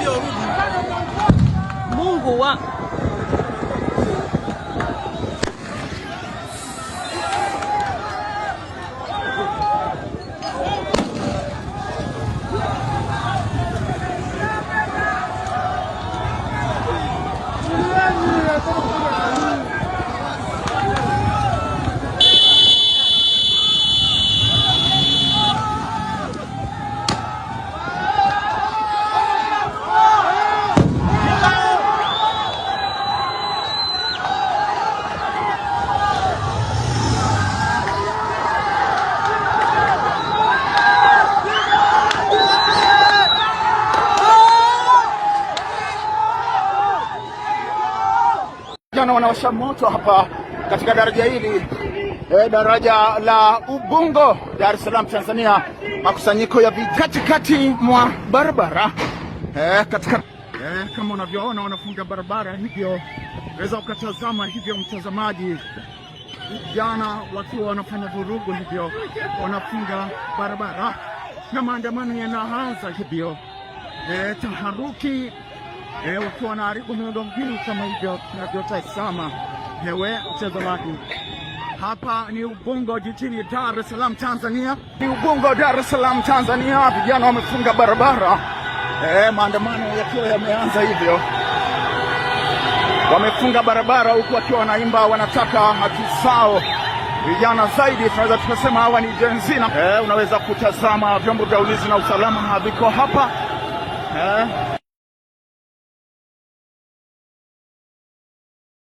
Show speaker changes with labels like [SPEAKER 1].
[SPEAKER 1] 蒙古湾。wanaonekana wanawasha moto hapa katika daraja hili e, daraja la Ubungo, Dar es Salaam, Tanzania. Makusanyiko ya vijana katikati mwa barabara e, katika e, kama unavyoona wanafunga barabara hivyo, unaweza ukatazama hivyo mtazamaji, vijana wakiwa wanafanya vurugu hivyo, wanafunga barabara na maandamano yanaanza hivyo, e, taharuki e, ukiwa na haribu miundombinu kama hivyo tunavyotazama hewe mtazamaji. Hapa ni Ubungo jijini Dar es Salaam Tanzania, ni Ubungo Dar es Salaam Tanzania. Vijana wamefunga barabara e, maandamano yakiwa yameanza hivyo, wamefunga barabara huku wakiwa wanaimba, wanataka haki zao vijana zaidi, tunaweza tukasema hawa ni Gen Z na eh, unaweza kutazama vyombo vya ulinzi na usalama haviko hapa eh.